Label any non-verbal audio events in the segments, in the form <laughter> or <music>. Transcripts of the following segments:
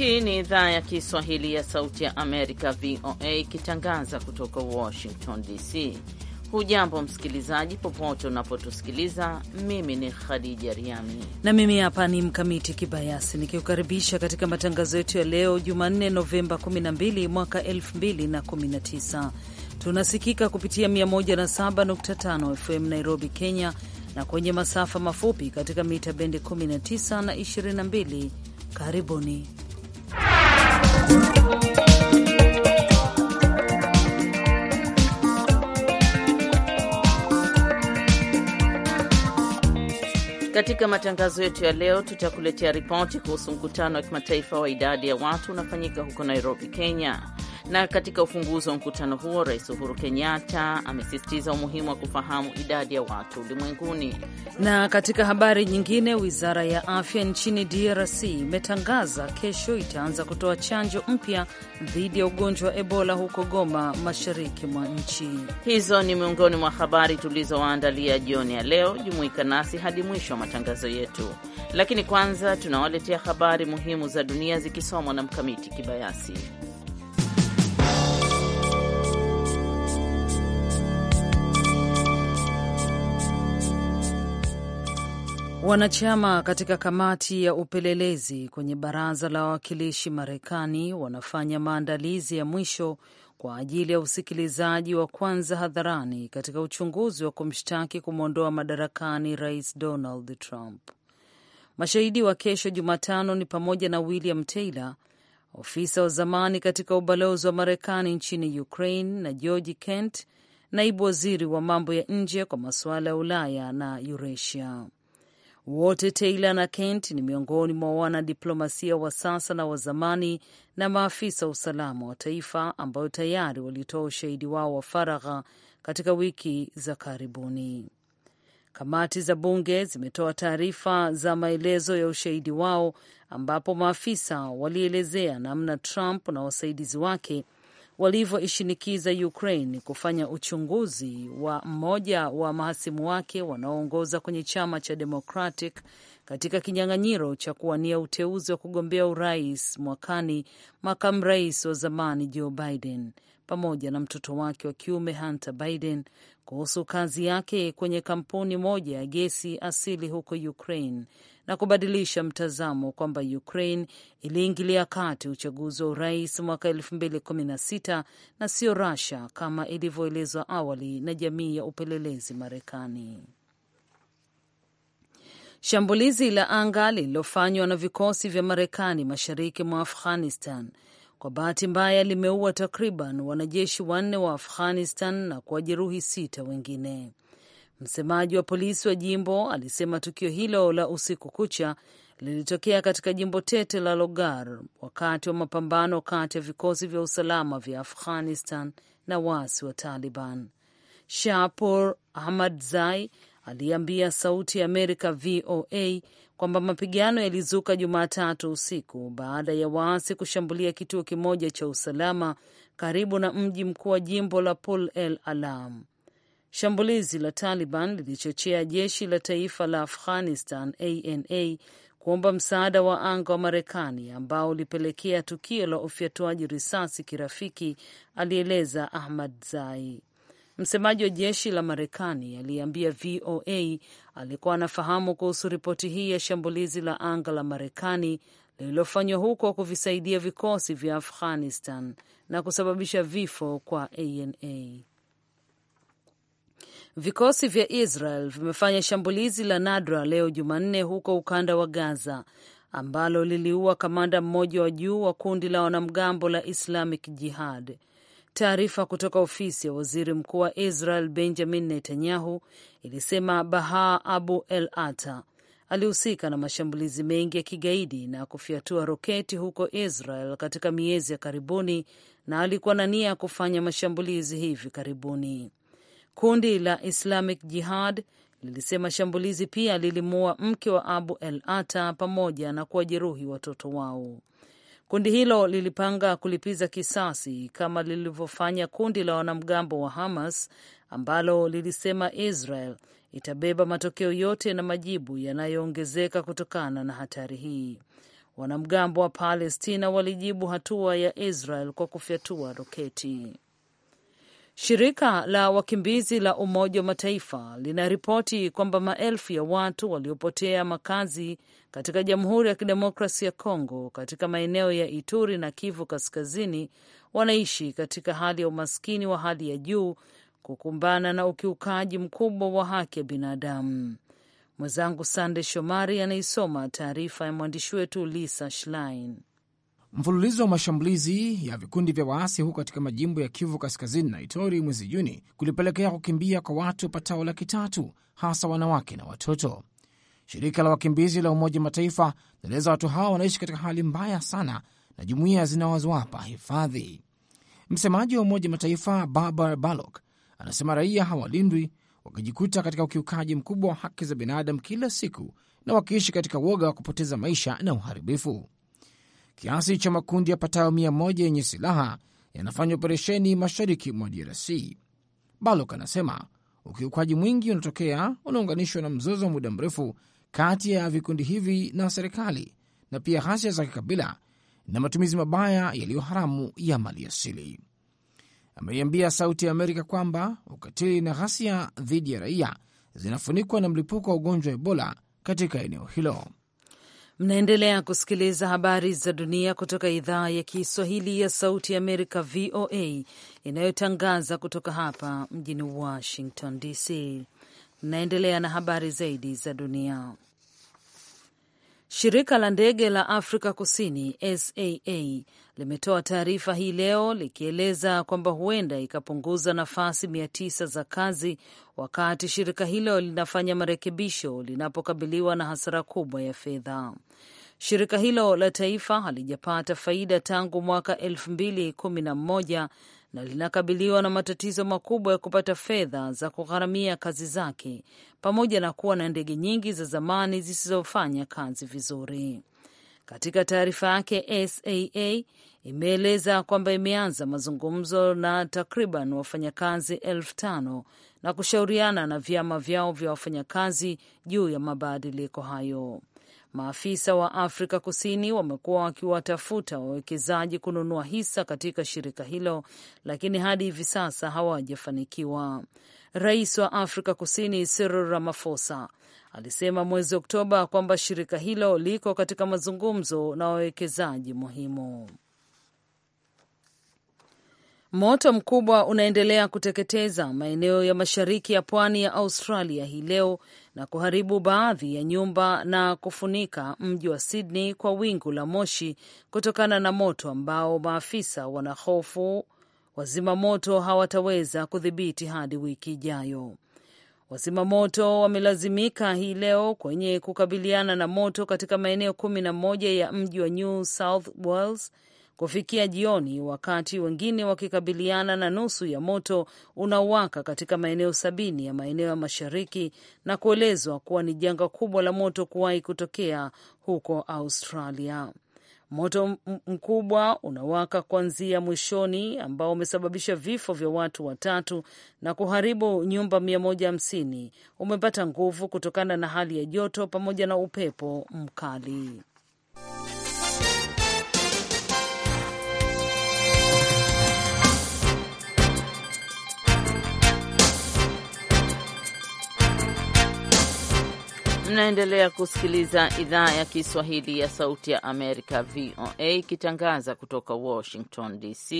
Hii ni idhaa ya Kiswahili ya Sauti ya Amerika, VOA, ikitangaza kutoka Washington DC. Hujambo msikilizaji, popote unapotusikiliza. Mimi ni Khadija Riami na mimi hapa ni Mkamiti Kibayasi nikiukaribisha katika matangazo yetu ya leo Jumanne, Novemba 12 mwaka 2019. Tunasikika kupitia 107.5 FM Nairobi, Kenya, na kwenye masafa mafupi katika mita bendi 19 na 22. Karibuni. Katika matangazo yetu ya leo tutakuletea ripoti kuhusu mkutano wa kimataifa wa idadi ya watu unafanyika huko Nairobi, Kenya. Na katika ufunguzi wa mkutano huo, Rais Uhuru Kenyatta amesisitiza umuhimu wa kufahamu idadi ya watu ulimwenguni. Na katika habari nyingine, wizara ya afya nchini DRC imetangaza kesho itaanza kutoa chanjo mpya dhidi ya ugonjwa wa Ebola huko Goma, mashariki mwa nchi. Hizo ni miongoni mwa habari tulizowaandalia jioni ya leo. Jumuika nasi hadi mwisho wa matangazo yetu, lakini kwanza tunawaletea habari muhimu za dunia zikisomwa na Mkamiti Kibayasi. Wanachama katika kamati ya upelelezi kwenye baraza la wawakilishi Marekani wanafanya maandalizi ya mwisho kwa ajili ya usikilizaji wa kwanza hadharani katika uchunguzi wa kumshtaki kumwondoa madarakani rais Donald Trump. Mashahidi wa kesho Jumatano ni pamoja na William Taylor, ofisa wa zamani katika ubalozi wa Marekani nchini Ukraine, na George Kent, naibu waziri wa mambo ya nje kwa masuala ya Ulaya na Eurasia. Wote Taylor na Kent ni miongoni mwa wanadiplomasia wa sasa na wa zamani na maafisa wa usalama wa taifa ambayo tayari walitoa ushahidi wao wa faragha katika wiki za karibuni. Kamati za bunge zimetoa taarifa za maelezo ya ushahidi wao ambapo maafisa walielezea namna Trump na wasaidizi wake walivyoishinikiza Ukraine kufanya uchunguzi wa mmoja wa mahasimu wake wanaoongoza kwenye chama cha Democratic katika kinyang'anyiro cha kuwania uteuzi wa kugombea urais mwakani, makamu rais wa zamani Joe Biden pamoja na mtoto wake wa kiume Hunter Biden kuhusu kazi yake kwenye kampuni moja ya gesi asili huko Ukraine na kubadilisha mtazamo kwamba Ukraine iliingilia kati uchaguzi wa urais mwaka 2016 na sio Russia kama ilivyoelezwa awali na jamii ya upelelezi Marekani. Shambulizi la anga lililofanywa na vikosi vya Marekani mashariki mwa Afghanistan kwa bahati mbaya limeua takriban wanajeshi wanne wa Afghanistan na kuwajeruhi sita wengine. Msemaji wa polisi wa jimbo alisema tukio hilo la usiku kucha lilitokea katika jimbo tete la Logar wakati wa mapambano kati ya vikosi vya usalama vya Afghanistan na waasi wa Taliban. Shapor Ahmadzai aliambia Sauti ya Amerika VOA kwamba mapigano yalizuka Jumatatu usiku baada ya waasi kushambulia kituo kimoja cha usalama karibu na mji mkuu wa jimbo la Pul El Alam. Shambulizi la Taliban lilichochea jeshi la taifa la Afghanistan ana kuomba msaada wa anga wa Marekani ambao ulipelekea tukio la ufyatuaji risasi kirafiki, alieleza Ahmad Zai. Msemaji wa jeshi la Marekani aliyeambia VOA alikuwa anafahamu kuhusu ripoti hii ya shambulizi la anga la Marekani lililofanywa huko kuvisaidia vikosi vya Afghanistan na kusababisha vifo kwa ANA. Vikosi vya Israel vimefanya shambulizi la nadra leo Jumanne huko ukanda wa Gaza ambalo liliua kamanda mmoja wa juu wa kundi la wanamgambo la Islamic Jihad. Taarifa kutoka ofisi ya waziri mkuu wa Israel Benjamin Netanyahu ilisema Baha Abu El Ata alihusika na mashambulizi mengi ya kigaidi na kufyatua roketi huko Israel katika miezi ya karibuni na alikuwa na nia ya kufanya mashambulizi hivi karibuni. Kundi la Islamic Jihad lilisema shambulizi pia lilimuua mke wa Abu El Ata pamoja na kuwajeruhi watoto wao. Kundi hilo lilipanga kulipiza kisasi kama lilivyofanya kundi la wanamgambo wa Hamas ambalo lilisema Israel itabeba matokeo yote na majibu yanayoongezeka kutokana na hatari hii. Wanamgambo wa Palestina walijibu hatua ya Israel kwa kufyatua roketi. Shirika la wakimbizi la Umoja wa Mataifa linaripoti kwamba maelfu ya watu waliopotea makazi katika Jamhuri ya Kidemokrasi ya Kongo katika maeneo ya Ituri na Kivu Kaskazini wanaishi katika hali ya umaskini wa hali ya juu, kukumbana na ukiukaji mkubwa wa haki ya binadamu. Mwenzangu Sande Shomari anaisoma taarifa ya mwandishi wetu Lisa Schlein. Mfululizo wa mashambulizi ya vikundi vya waasi huko katika majimbo ya Kivu Kaskazini na Itori mwezi Juni kulipelekea kukimbia kwa watu wapatao laki tatu, hasa wanawake na watoto. Shirika la wakimbizi la Umoja Mataifa linaeleza watu hawa wanaishi katika hali mbaya sana, na jumuiya zinawazowapa hifadhi. Msemaji wa Umoja Mataifa barbar Balok anasema raia hawalindwi, wakijikuta katika ukiukaji mkubwa wa haki za binadamu kila siku, na wakiishi katika woga wa kupoteza maisha na uharibifu kiasi cha makundi yapatayo mia moja yenye silaha yanafanya operesheni mashariki mwa DRC. Balok anasema ukiukaji mwingi unatokea unaunganishwa na mzozo wa muda mrefu kati ya vikundi hivi na serikali, na pia ghasia za kikabila na matumizi mabaya yaliyo haramu ya maliasili. Ameiambia Sauti ya Amerika kwamba ukatili na ghasia dhidi ya raia zinafunikwa na mlipuko wa ugonjwa wa Ebola katika eneo hilo. Mnaendelea kusikiliza habari za dunia kutoka idhaa ya Kiswahili ya Sauti ya Amerika, VOA, inayotangaza kutoka hapa mjini Washington DC. Mnaendelea na habari zaidi za dunia. Shirika la ndege la Afrika Kusini SAA limetoa taarifa hii leo likieleza kwamba huenda ikapunguza nafasi mia tisa za kazi wakati shirika hilo linafanya marekebisho linapokabiliwa na hasara kubwa ya fedha. Shirika hilo la taifa halijapata faida tangu mwaka elfu mbili kumi na mmoja na linakabiliwa na matatizo makubwa ya kupata fedha za kugharamia kazi zake pamoja na kuwa na ndege nyingi za zamani zisizofanya kazi vizuri. Katika taarifa yake, SAA imeeleza kwamba imeanza mazungumzo na takriban wafanyakazi elfu tano na kushauriana na vyama vyao vya wafanyakazi juu ya mabadiliko hayo. Maafisa wa Afrika Kusini wamekuwa wakiwatafuta wawekezaji kununua hisa katika shirika hilo, lakini hadi hivi sasa hawajafanikiwa. Rais wa Afrika Kusini Cyril Ramaphosa alisema mwezi Oktoba kwamba shirika hilo liko katika mazungumzo na wawekezaji muhimu. Moto mkubwa unaendelea kuteketeza maeneo ya mashariki ya pwani ya Australia hii leo na kuharibu baadhi ya nyumba na kufunika mji wa Sydney kwa wingu la moshi kutokana na moto ambao maafisa wanahofu wazimamoto hawataweza kudhibiti hadi wiki ijayo. Wazimamoto wamelazimika hii leo kwenye kukabiliana na moto katika maeneo kumi na moja ya mji wa New South Wales kufikia jioni, wakati wengine wakikabiliana na nusu ya moto unaowaka katika maeneo sabini ya maeneo ya mashariki na kuelezwa kuwa ni janga kubwa la moto kuwahi kutokea huko Australia. Moto mkubwa unawaka kuanzia mwishoni, ambao umesababisha vifo vya watu watatu na kuharibu nyumba 150 umepata nguvu kutokana na hali ya joto pamoja na upepo mkali. Mnaendelea kusikiliza idhaa ya Kiswahili ya Sauti ya Amerika, VOA, ikitangaza kutoka Washington DC.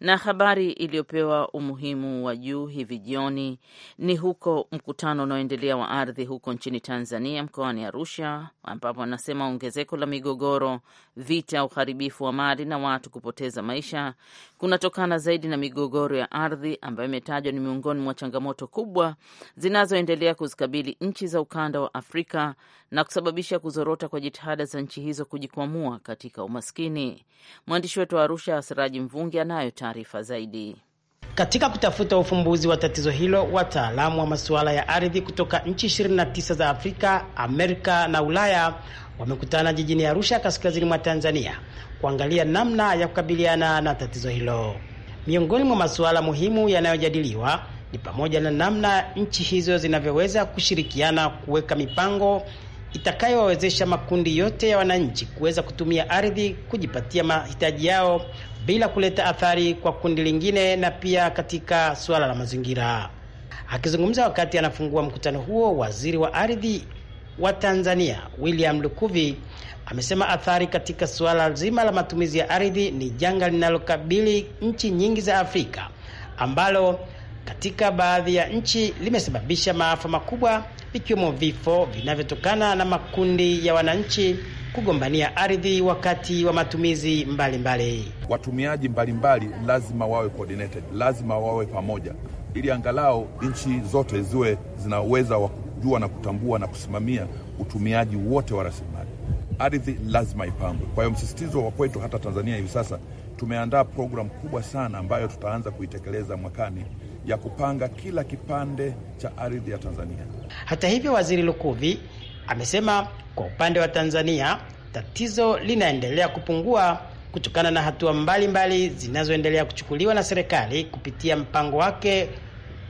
Na habari iliyopewa umuhimu wa juu hivi jioni ni huko mkutano unaoendelea wa ardhi huko nchini Tanzania, mkoani Arusha, ambapo wanasema ongezeko la migogoro, vita, uharibifu wa mali na watu kupoteza maisha kunatokana zaidi na migogoro ya ardhi ambayo imetajwa ni miongoni mwa changamoto kubwa zinazoendelea kuzikabili nchi za ukanda wa Afrika na kusababisha kuzorota kwa jitihada za nchi hizo kujikwamua katika umaskini. Mwandishi wetu wa Arusha, Asiraji Mvungi, anayo taarifa taarifa zaidi. Katika kutafuta ufumbuzi wa tatizo hilo, wataalamu wa masuala ya ardhi kutoka nchi 29 za Afrika, Amerika na Ulaya wamekutana jijini Arusha, kaskazini mwa Tanzania, kuangalia namna ya kukabiliana na tatizo hilo. Miongoni mwa masuala muhimu yanayojadiliwa ni pamoja na namna nchi hizo zinavyoweza kushirikiana kuweka mipango itakayowawezesha makundi yote ya wananchi kuweza kutumia ardhi kujipatia mahitaji yao bila kuleta athari kwa kundi lingine na pia katika suala la mazingira. Akizungumza wakati anafungua mkutano huo, waziri wa ardhi wa Tanzania William Lukuvi amesema athari katika suala zima la matumizi ya ardhi ni janga linalokabili nchi nyingi za Afrika ambalo katika baadhi ya nchi limesababisha maafa makubwa, vikiwemo vifo vinavyotokana na makundi ya wananchi kugombania ardhi wakati wa matumizi mbalimbali mbali. Watumiaji mbalimbali mbali, lazima wawe coordinated, lazima wawe pamoja ili angalau nchi zote ziwe zina uwezo wa kujua na kutambua na kusimamia utumiaji wote wa rasilimali ardhi. Lazima ipangwe. Kwa hiyo msisitizo wa kwetu hata Tanzania hivi sasa tumeandaa programu kubwa sana ambayo tutaanza kuitekeleza mwakani ya kupanga kila kipande cha ardhi ya Tanzania. Hata hivyo, Waziri Lukuvi Amesema kwa upande wa Tanzania tatizo linaendelea kupungua kutokana na hatua mbalimbali zinazoendelea kuchukuliwa na serikali kupitia mpango wake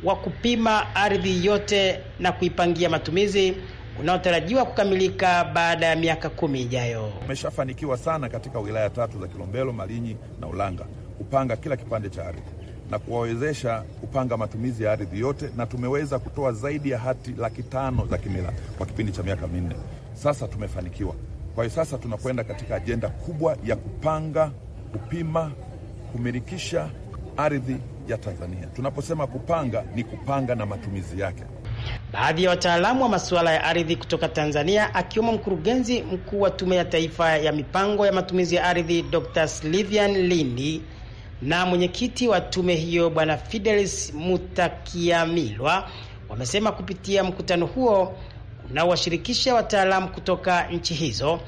wa kupima ardhi yote na kuipangia matumizi unaotarajiwa kukamilika baada ya miaka kumi ijayo. umeshafanikiwa sana katika wilaya tatu za Kilombero, Malinyi na Ulanga kupanga kila kipande cha ardhi na kuwawezesha kupanga matumizi ya ardhi yote, na tumeweza kutoa zaidi ya hati laki tano za kimila kwa kipindi cha miaka minne. Sasa tumefanikiwa. Kwa hiyo sasa tunakwenda katika ajenda kubwa ya kupanga, kupima, kumilikisha ardhi ya Tanzania. Tunaposema kupanga ni kupanga na matumizi yake. Baadhi ya wataalamu wa masuala ya ardhi kutoka Tanzania akiwemo mkurugenzi mkuu wa Tume ya Taifa ya Mipango ya Matumizi ya Ardhi Dr. Slivian Lindi na mwenyekiti wa tume hiyo Bwana Fidelis Mutakiamilwa wamesema kupitia mkutano huo unaowashirikisha wataalamu kutoka nchi hizo,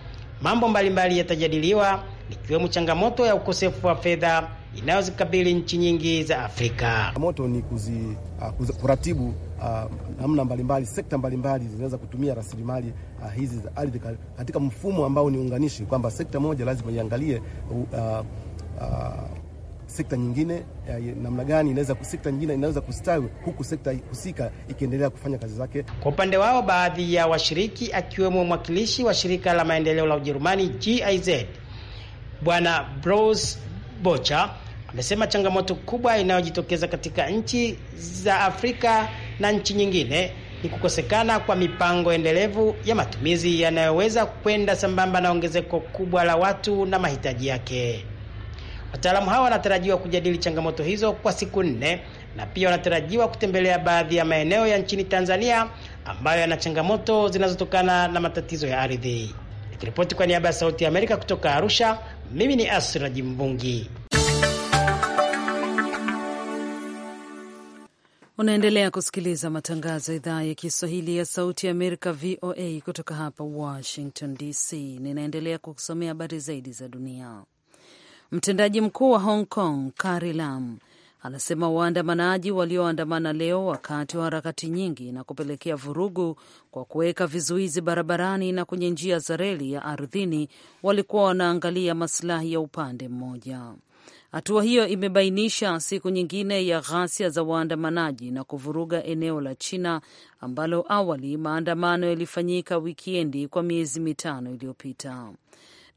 mambo mbalimbali yatajadiliwa likiwemo changamoto ya ukosefu wa fedha inayozikabili nchi nyingi za Afrika. Moto ni kuzi, uh, kuzi, kuratibu uh, namna mbalimbali sekta mbalimbali zinaweza kutumia rasilimali uh, hizi za ardhi katika mfumo ambao ni unganishi, kwamba sekta moja lazima iangalie uh, uh, sekta nyingine namna gani inaweza, sekta nyingine inaweza kustawi huku sekta husika ikiendelea kufanya kazi zake kwa upande wao. Baadhi ya washiriki akiwemo mwakilishi wa shirika la maendeleo la Ujerumani GIZ Bwana Bros Bocha amesema changamoto kubwa inayojitokeza katika nchi za Afrika na nchi nyingine ni kukosekana kwa mipango endelevu ya matumizi yanayoweza kwenda sambamba na ongezeko kubwa la watu na mahitaji yake. Wataalamu hawa wanatarajiwa kujadili changamoto hizo kwa siku nne na pia wanatarajiwa kutembelea baadhi ya maeneo ya nchini Tanzania ambayo yana changamoto zinazotokana na matatizo ya ardhi. Nikiripoti kwa niaba ya Sauti ya Amerika kutoka Arusha, mimi ni Asra Jimbungi. Unaendelea kusikiliza matangazo ya idhaa ya Kiswahili ya Sauti ya Amerika, VOA, kutoka hapa Washington DC. Ninaendelea kukusomea habari zaidi za dunia. Mtendaji mkuu wa Hong Kong Carrie Lam anasema waandamanaji walioandamana leo wakati wa harakati nyingi na kupelekea vurugu kwa kuweka vizuizi barabarani na kwenye njia za reli ya ardhini walikuwa wanaangalia masilahi ya upande mmoja. Hatua hiyo imebainisha siku nyingine ya ghasia za waandamanaji na kuvuruga eneo la China ambalo awali maandamano yalifanyika wikiendi kwa miezi mitano iliyopita.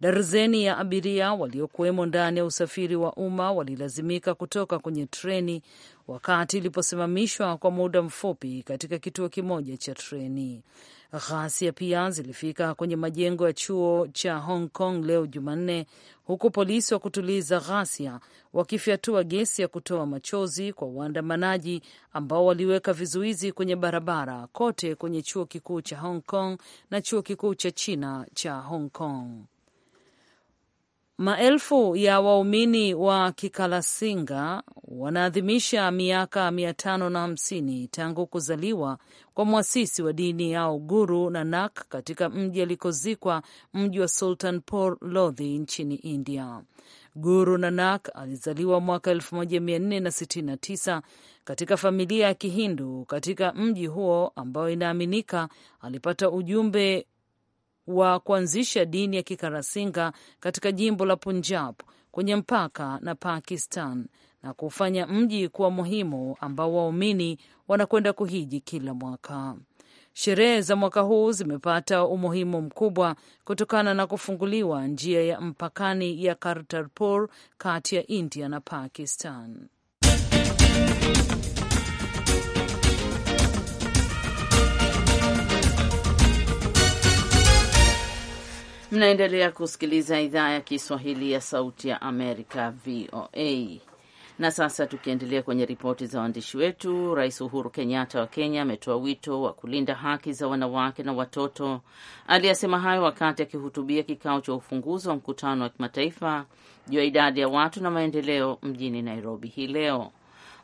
Darzeni ya abiria waliokuwemo ndani ya usafiri wa umma walilazimika kutoka kwenye treni wakati iliposimamishwa kwa muda mfupi katika kituo kimoja cha treni. Ghasia pia zilifika kwenye majengo ya chuo cha Hong Kong leo Jumanne, huku polisi wa kutuliza ghasia wakifyatua gesi ya kutoa machozi kwa waandamanaji ambao waliweka vizuizi kwenye barabara kote kwenye chuo kikuu cha Hong Kong na chuo kikuu cha China cha Hong Kong. Maelfu ya waumini wa Kikalasinga wanaadhimisha miaka mia tano na hamsini tangu kuzaliwa kwa mwasisi wa dini yao Guru Nanak katika mji alikozikwa mji wa Sultanpur Lodhi nchini India. Guru Nanak alizaliwa mwaka 1469 katika familia ya Kihindu katika mji huo, ambayo inaaminika alipata ujumbe wa kuanzisha dini ya Kikarasinga katika jimbo la Punjab kwenye mpaka na Pakistan na kufanya mji kuwa muhimu ambao waumini wanakwenda kuhiji kila mwaka. Sherehe za mwaka huu zimepata umuhimu mkubwa kutokana na kufunguliwa njia ya mpakani ya Kartarpur kati ya India na Pakistan. Mnaendelea kusikiliza idhaa ya Kiswahili ya Sauti ya Amerika, VOA. Na sasa tukiendelea kwenye ripoti za waandishi wetu, Rais Uhuru Kenyatta wa Kenya ametoa wito wa kulinda haki za wanawake na watoto. Aliyasema hayo wakati akihutubia kikao cha ufunguzi wa mkutano wa kimataifa juu ya idadi ya watu na maendeleo mjini Nairobi hii leo.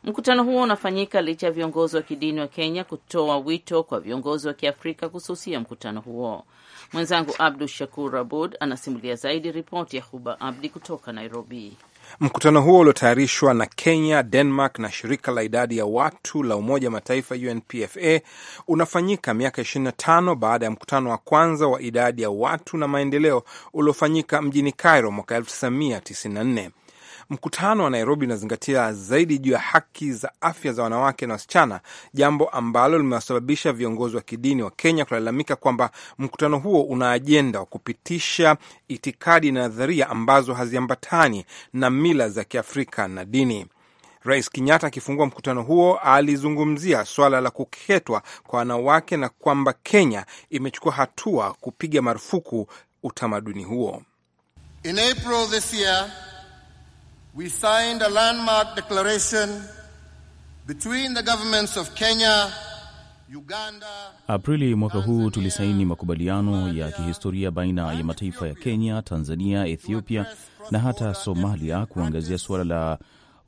Mkutano huo unafanyika licha ya viongozi wa kidini wa Kenya kutoa wito kwa viongozi wa Kiafrika kususia mkutano huo. Mwenzangu Abdu Shakur Abud anasimulia zaidi. Ripoti ya Huba Abdi kutoka Nairobi. Mkutano huo uliotayarishwa na Kenya, Denmark na shirika la idadi ya watu la Umoja wa Mataifa UNPFA unafanyika miaka 25 baada ya mkutano wa kwanza wa idadi ya watu na maendeleo uliofanyika mjini Cairo mwaka 1994. Mkutano wa Nairobi unazingatia zaidi juu ya haki za afya za wanawake na wasichana, jambo ambalo limewasababisha viongozi wa kidini wa Kenya kulalamika kwamba mkutano huo una ajenda wa kupitisha itikadi na nadharia ambazo haziambatani na mila za Kiafrika na dini. Rais Kenyatta akifungua mkutano huo alizungumzia swala la kukeketwa kwa wanawake na kwamba Kenya imechukua hatua kupiga marufuku utamaduni huo. In April this year, we signed a landmark declaration between the governments of Kenya, Uganda. Aprili mwaka huu tulisaini makubaliano ya kihistoria baina ya mataifa ya Kenya, Tanzania, Ethiopia na hata Somalia kuangazia suala la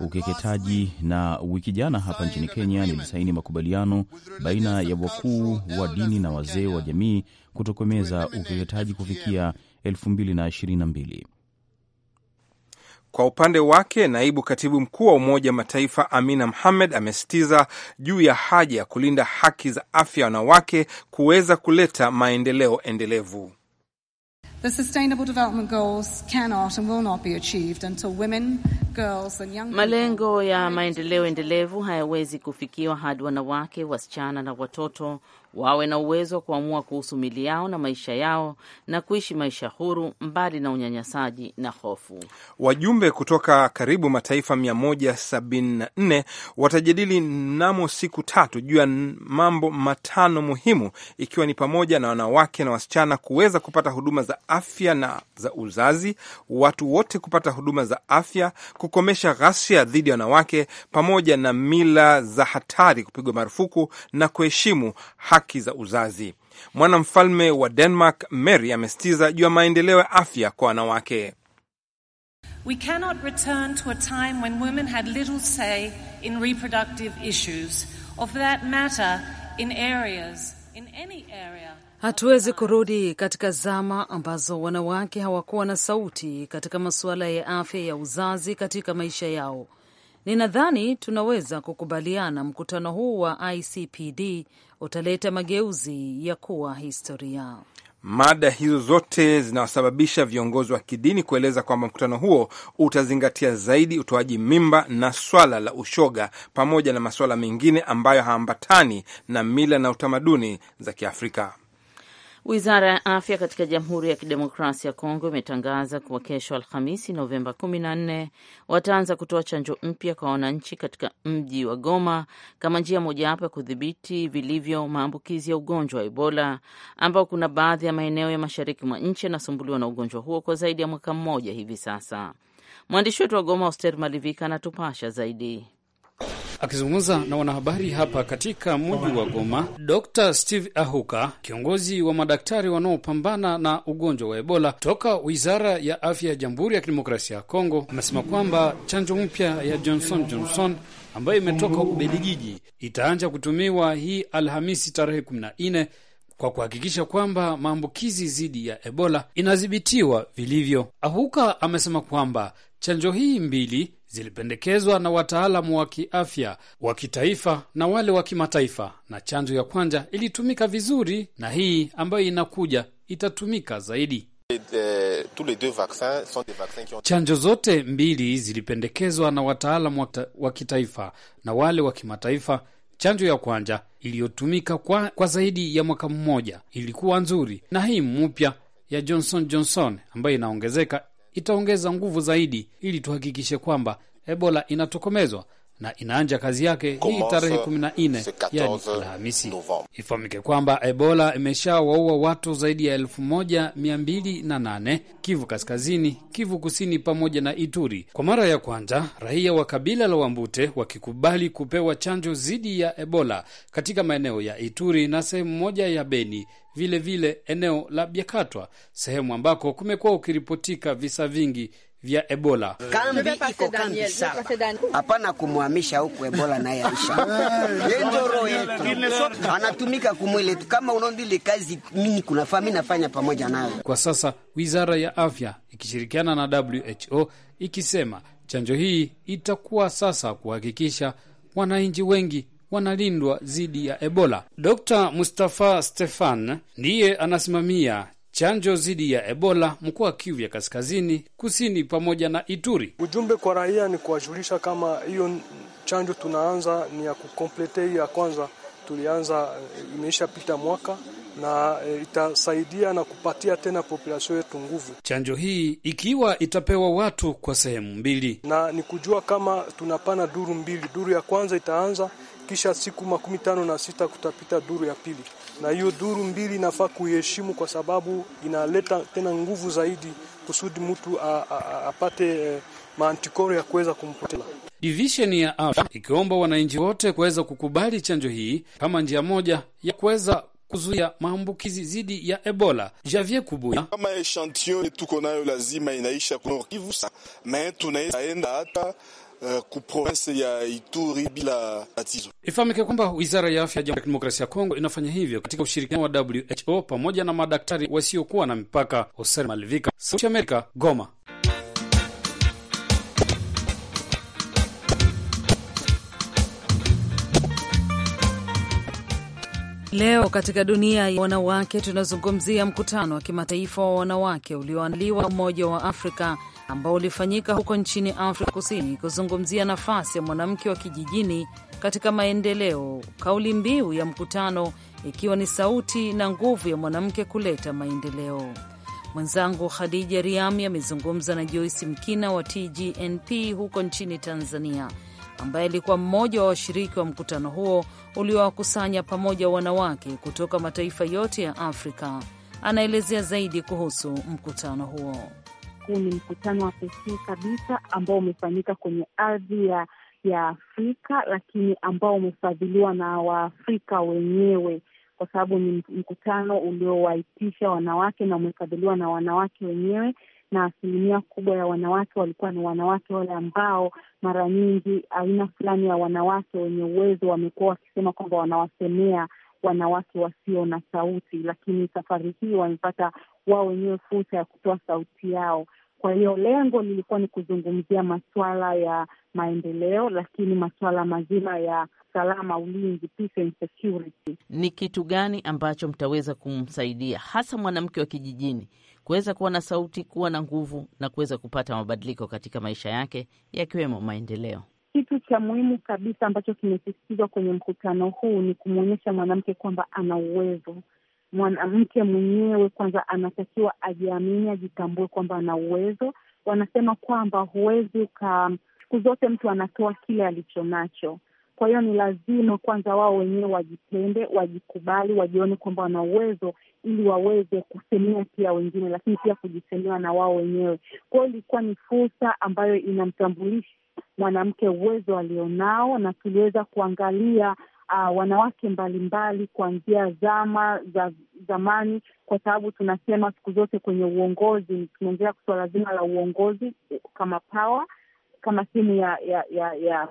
ukeketaji. Na wiki jana hapa nchini Kenya nilisaini makubaliano baina ya wakuu wa dini na wazee wa jamii kutokomeza ukeketaji kufikia 2022. Kwa upande wake naibu katibu mkuu wa Umoja wa Mataifa Amina Mohamed amesitiza juu ya haja ya kulinda haki za afya ya wanawake kuweza kuleta maendeleo endelevu. Malengo ya maendeleo endelevu hayawezi kufikiwa hadi wanawake, wasichana na watoto wawe na uwezo wa kuamua kuhusu mili yao na maisha yao na kuishi maisha huru mbali na unyanyasaji na hofu. Wajumbe kutoka karibu mataifa 174 watajadili mnamo siku tatu juu ya mambo matano muhimu, ikiwa ni pamoja na wanawake na wasichana kuweza kupata huduma za afya na za uzazi, watu wote kupata huduma za afya, kukomesha ghasia dhidi ya wanawake, pamoja na mila za hatari kupigwa marufuku na kuheshimu haki haki za uzazi. Mwanamfalme wa Denmark Mary amesitiza juu ya maendeleo ya afya kwa wanawake. We cannot return to a time when women had little say in reproductive issues that matter in areas in any area. Hatuwezi kurudi katika zama ambazo wanawake hawakuwa na sauti katika masuala ya afya ya uzazi katika maisha yao. Ninadhani tunaweza kukubaliana mkutano huu wa ICPD utaleta mageuzi ya kuwa historia. Mada hizo zote zinawasababisha viongozi wa kidini kueleza kwamba mkutano huo utazingatia zaidi utoaji mimba na swala la ushoga pamoja na masuala mengine ambayo haambatani na mila na utamaduni za Kiafrika. Wizara ya afya katika Jamhuri ya Kidemokrasia ya Kongo imetangaza kuwa kesho Alhamisi, Novemba 14 wataanza kutoa chanjo mpya kwa wananchi katika mji wa Goma kama njia mojawapo ya kudhibiti vilivyo maambukizi ya ugonjwa wa Ebola ambao kuna baadhi ya maeneo ya mashariki mwa nchi yanasumbuliwa na ugonjwa huo kwa zaidi ya mwaka mmoja hivi sasa. Mwandishi wetu wa Goma, Oster Malivika, anatupasha zaidi. Akizungumza na wanahabari hapa katika mji wa Goma, Dr Steve Ahuka, kiongozi wa madaktari wanaopambana na ugonjwa wa Ebola toka wizara ya afya ya Jamhuri ya Kidemokrasia ya Kongo, amesema kwamba chanjo mpya ya Johnson Johnson ambayo imetoka Ubelgiji itaanza kutumiwa hii Alhamisi tarehe 14 kwa kuhakikisha kwamba maambukizi dhidi ya Ebola inadhibitiwa vilivyo. Ahuka amesema kwamba chanjo hii mbili zilipendekezwa na wataalamu wa kiafya wa kitaifa na wale wa kimataifa, na chanjo ya kwanza ilitumika vizuri na hii ambayo inakuja itatumika zaidi. Chanjo zote mbili zilipendekezwa na wataalamu wa kitaifa na wale wa kimataifa Chanjo ya kwanza iliyotumika kwa, kwa zaidi ya mwaka mmoja ilikuwa nzuri, na hii mpya ya Johnson Johnson ambayo inaongezeka itaongeza nguvu zaidi, ili tuhakikishe kwamba Ebola inatokomezwa na inaanja kazi yake hii tarehe 14 yani Alhamisi. Ifahamike kwamba Ebola imeshawaua watu zaidi ya 1208 Kivu Kaskazini, Kivu Kusini pamoja na Ituri. Kwa mara ya kwanza raia wa kabila la Wambute wakikubali kupewa chanjo dhidi ya Ebola katika maeneo ya Ituri na sehemu moja ya Beni, vilevile vile eneo la Biakatwa, sehemu ambako kumekuwa ukiripotika visa vingi vya Ebola. Kambi iko kambi sawa, hapana kumhamisha huku, Ebola naye aisha. <laughs> Yeye roho yetu, anatumika kumwele tu, kama unaondile kazi mimi kunafaa mimi nafanya pamoja nayo. Kwa sasa wizara ya afya ikishirikiana na WHO ikisema chanjo hii itakuwa sasa kuhakikisha wananchi wengi wanalindwa dhidi ya Ebola. Dr Mustafa Stefan ndiye anasimamia chanjo dhidi ya Ebola mkoa wa Kivu ya Kaskazini, Kusini pamoja na Ituri. Ujumbe kwa raia ni kuwajulisha kama hiyo chanjo tunaanza ni ya kukomplete ya kwanza tulianza, eh, imeisha pita mwaka na e, itasaidia na kupatia tena population yetu nguvu. Chanjo hii ikiwa itapewa watu kwa sehemu mbili, na ni kujua kama tunapana duru mbili. Duru ya kwanza itaanza kisha siku makumi tano na sita kutapita duru ya pili, na hiyo duru mbili inafaa kuiheshimu kwa sababu inaleta tena nguvu zaidi kusudi mtu apate e, maantikoro ya kuweza kumpotela. Divisheni ya afya ikiomba wananchi wote kuweza kukubali chanjo hii kama njia moja ya kuweza kuzuia maambukizi dhidi ya Ebola. Javier Kubuya: kama eshantio tuko nayo lazima inaisha Kivu, me tunaenda hata Uh, kuprovinsi ya Ituri bila tatizo. Ifahamike kwamba Wizara ya Afya ya Jamhuri ya Kidemokrasia ya Kongo inafanya hivyo katika ushirikiano wa WHO pamoja na madaktari wasiokuwa na mipaka. Hoser Malivika, Sauti ya Amerika, Goma. Leo katika dunia ya wanawake tunazungumzia mkutano wa kimataifa wa wanawake ulioandaliwa Umoja wa Afrika ambao ulifanyika huko nchini Afrika Kusini kuzungumzia nafasi ya mwanamke wa kijijini katika maendeleo, kauli mbiu ya mkutano ikiwa ni sauti na nguvu ya mwanamke kuleta maendeleo. Mwenzangu Khadija Riami amezungumza na Joyce Mkina wa TGNP huko nchini Tanzania ambaye alikuwa mmoja wa washiriki wa mkutano huo uliowakusanya pamoja wanawake kutoka mataifa yote ya Afrika. Anaelezea zaidi kuhusu mkutano huo. Huu ni mkutano wa pekee kabisa ambao umefanyika kwenye ardhi ya ya Afrika, lakini ambao umefadhiliwa na Waafrika wenyewe, kwa sababu ni mkutano uliowaitisha wanawake na umefadhiliwa na wanawake wenyewe na asilimia kubwa ya wanawake walikuwa ni wanawake wale ambao mara nyingi aina fulani ya wanawake wenye uwezo wamekuwa wakisema kwamba wanawasemea wanawake wasio na sauti, lakini safari hii wamepata wao wenyewe fursa ya kutoa sauti yao. Kwa hiyo lengo lilikuwa ni kuzungumzia masuala ya maendeleo, lakini masuala mazima ya salama, ulinzi, peace and security. Ni kitu gani ambacho mtaweza kumsaidia hasa mwanamke wa kijijini kuweza kuwa na sauti, kuwa na nguvu na kuweza kupata mabadiliko katika maisha yake yakiwemo maendeleo. Kitu cha muhimu kabisa ambacho kimesisitizwa kwenye mkutano huu ni kumwonyesha mwanamke kwamba ana uwezo. Mwanamke mwenyewe kwanza anatakiwa ajiamini, ajitambue kwamba ana uwezo. Wanasema kwamba huwezi uka, siku zote mtu anatoa kile alicho nacho. Kwa hiyo ni lazima kwanza wao wenyewe wajipende, wajikubali, wajione kwamba wana uwezo ili waweze kusemea pia wengine, lakini pia kujisemea na wao wenyewe. Kwa hiyo ilikuwa ni fursa ambayo inamtambulisha mwanamke uwezo alionao, na tuliweza kuangalia uh, wanawake mbalimbali kuanzia zama za zamani, kwa sababu tunasema siku zote kwenye uongozi tunaongelea suala zima la uongozi kama pawa kama simu ya ya ya, ya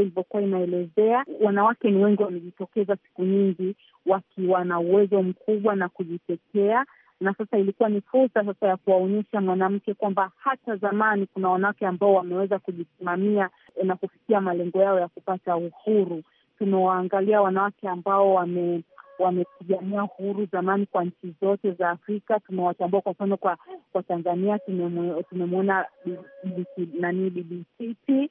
ilivyokuwa inaelezea, wanawake ni wengi wamejitokeza siku nyingi wakiwa na uwezo mkubwa na kujitetea, na sasa ilikuwa ni fursa sasa ya kuwaonyesha mwanamke kwamba hata zamani kuna wanawake ambao wameweza kujisimamia eh, na kufikia malengo yao ya kupata uhuru. Tumewaangalia wanawake ambao wame wamepigania uhuru zamani kwa nchi zote za Afrika. tumewatambua kwa mfano kwa kwa Tanzania tumemwona nani Bibi Titi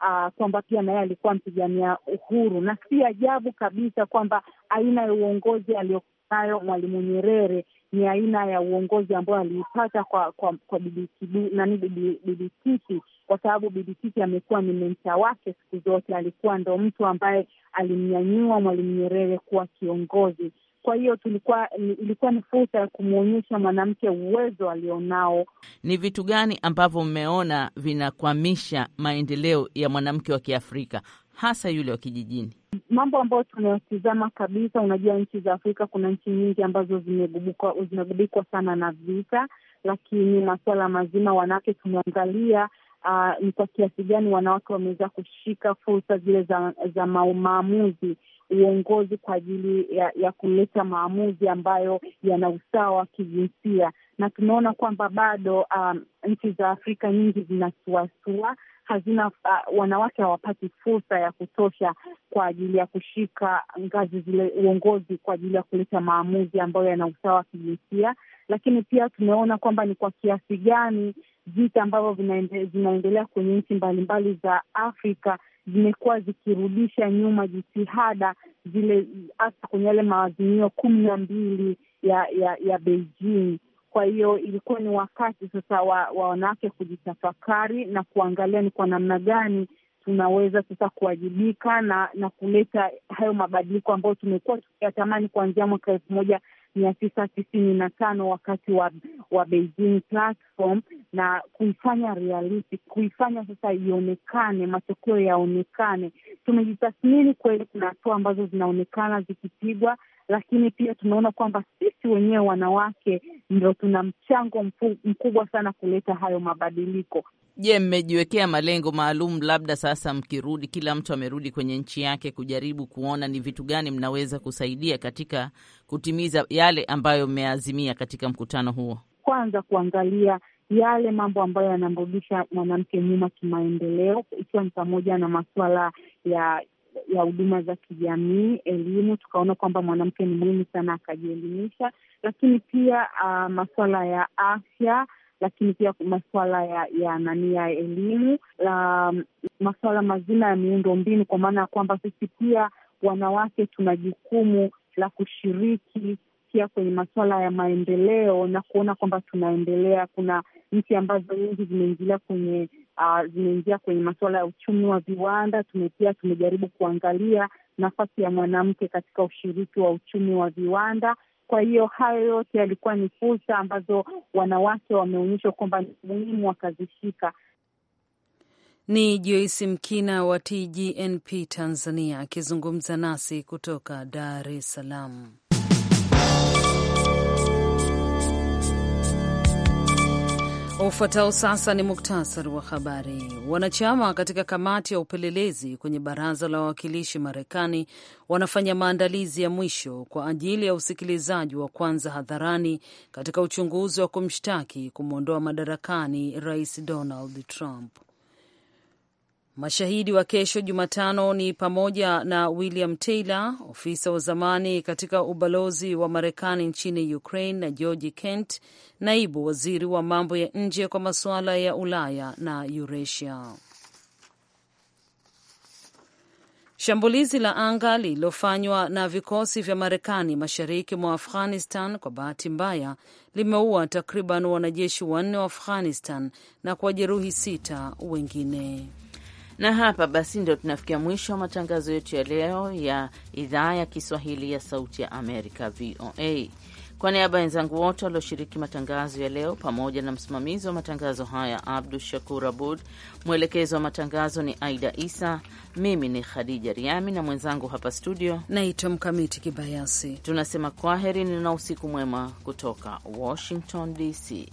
uh, kwamba pia naye alikuwa mpigania uhuru, na si ajabu kabisa kwamba aina ya uongozi aliyokuwa nayo Mwalimu Nyerere ni aina ya uongozi ambayo aliipata kwa kwa, kwa Bibi Titi, kwa sababu Bibi Titi amekuwa ni mencha wake siku zote. Alikuwa ndo mtu ambaye alimnyanyua Mwalimu Nyerere kuwa kiongozi. Kwa hiyo tulikuwa, ilikuwa ni fursa ya kumwonyesha mwanamke uwezo alionao. Ni vitu gani ambavyo mmeona vinakwamisha maendeleo ya mwanamke wa Kiafrika hasa yule wa kijijini? Mambo ambayo tunayotizama kabisa, unajua nchi za Afrika kuna nchi nyingi ambazo zimegubikwa sana na vita, lakini masuala mazima wanawake tumeangalia ah, ni kwa kiasi gani wanawake wameweza kushika fursa zile za, za maamuzi uongozi kwa ajili ya, ya kuleta maamuzi ambayo yana usawa wa kijinsia, na tunaona kwamba bado um, nchi za Afrika nyingi zinasuasua hazina uh, wanawake hawapati fursa ya kutosha kwa ajili ya kushika ngazi zile uongozi kwa ajili ya kuleta maamuzi ambayo yana usawa wa kijinsia, lakini pia tumeona kwamba ni kwa kiasi gani vita ambavyo vinaendelea kwenye nchi mbalimbali za Afrika zimekuwa zikirudisha nyuma jitihada zile hasa kwenye yale maazimio kumi na mbili ya ya ya Beijing kwa hiyo ilikuwa ni wakati sasa wa wanawake kujitafakari na kuangalia ni kwa namna gani tunaweza sasa kuwajibika na na kuleta hayo mabadiliko ambayo tumekuwa tukiyatamani kuanzia mwaka elfu moja mia tisa tisini na tano wakati wa, wa Beijing platform na kuifanya reality, kuifanya sasa ionekane, matokeo yaonekane. Tumejitathmini kweli, kuna hatua ambazo zinaonekana zikipigwa, lakini pia tunaona kwamba sisi wenyewe wanawake ndo tuna mchango mkubwa sana kuleta hayo mabadiliko. Je, mmejiwekea malengo maalum, labda sasa mkirudi, kila mtu amerudi kwenye nchi yake, kujaribu kuona ni vitu gani mnaweza kusaidia katika kutimiza yale ambayo mmeazimia katika mkutano huo? Kwanza kuangalia yale mambo ambayo yanamrudisha mwanamke nyuma kimaendeleo, ikiwa ni pamoja na masuala ya ya huduma za kijamii, elimu. Tukaona kwamba mwanamke ni muhimu sana akajielimisha, lakini pia uh, ah, masuala ya afya lakini pia masuala ya ya nani ya elimu la masuala mazima ya miundo mbinu, kwa maana ya kwamba sisi pia wanawake tuna jukumu la kushiriki pia kwenye masuala ya maendeleo na kuona kwamba tunaendelea. Kuna nchi ambazo nyingi zimeingilia kwenye uh, zimeingia kwenye masuala ya uchumi wa viwanda. Tumepia pia tumejaribu kuangalia nafasi ya mwanamke katika ushiriki wa uchumi wa viwanda kwa hiyo hayo yote yalikuwa ni fursa ambazo wanawake wameonyeshwa kwamba ni muhimu wakazishika. Ni Joyce Mkina wa TGNP Tanzania akizungumza nasi kutoka Dar es Salaam. Ufuatao sasa ni muktasari wa habari. Wanachama katika kamati ya upelelezi kwenye baraza la wawakilishi Marekani wanafanya maandalizi ya mwisho kwa ajili ya usikilizaji wa kwanza hadharani katika uchunguzi wa kumshtaki kumwondoa madarakani rais Donald Trump. Mashahidi wa kesho Jumatano ni pamoja na William Taylor, ofisa wa zamani katika ubalozi wa Marekani nchini Ukraine, na George Kent, naibu waziri wa mambo ya nje kwa masuala ya Ulaya na Eurasia. Shambulizi la anga lililofanywa na vikosi vya Marekani mashariki mwa Afghanistan kwa bahati mbaya limeua takriban wanajeshi wanne wa Afghanistan na kuwajeruhi sita wengine. Na hapa basi ndio tunafikia mwisho wa matangazo yetu ya leo ya idhaa ya Kiswahili ya Sauti ya Amerika, VOA. Kwa niaba ya wenzangu wote walioshiriki matangazo ya leo pamoja na msimamizi wa matangazo haya Abdu Shakur Abud, mwelekezi wa matangazo ni Aida Isa, mimi ni Khadija Riami na mwenzangu hapa studio naitwa Mkamiti Kibayasi, tunasema kwaheri na usiku mwema kutoka Washington DC.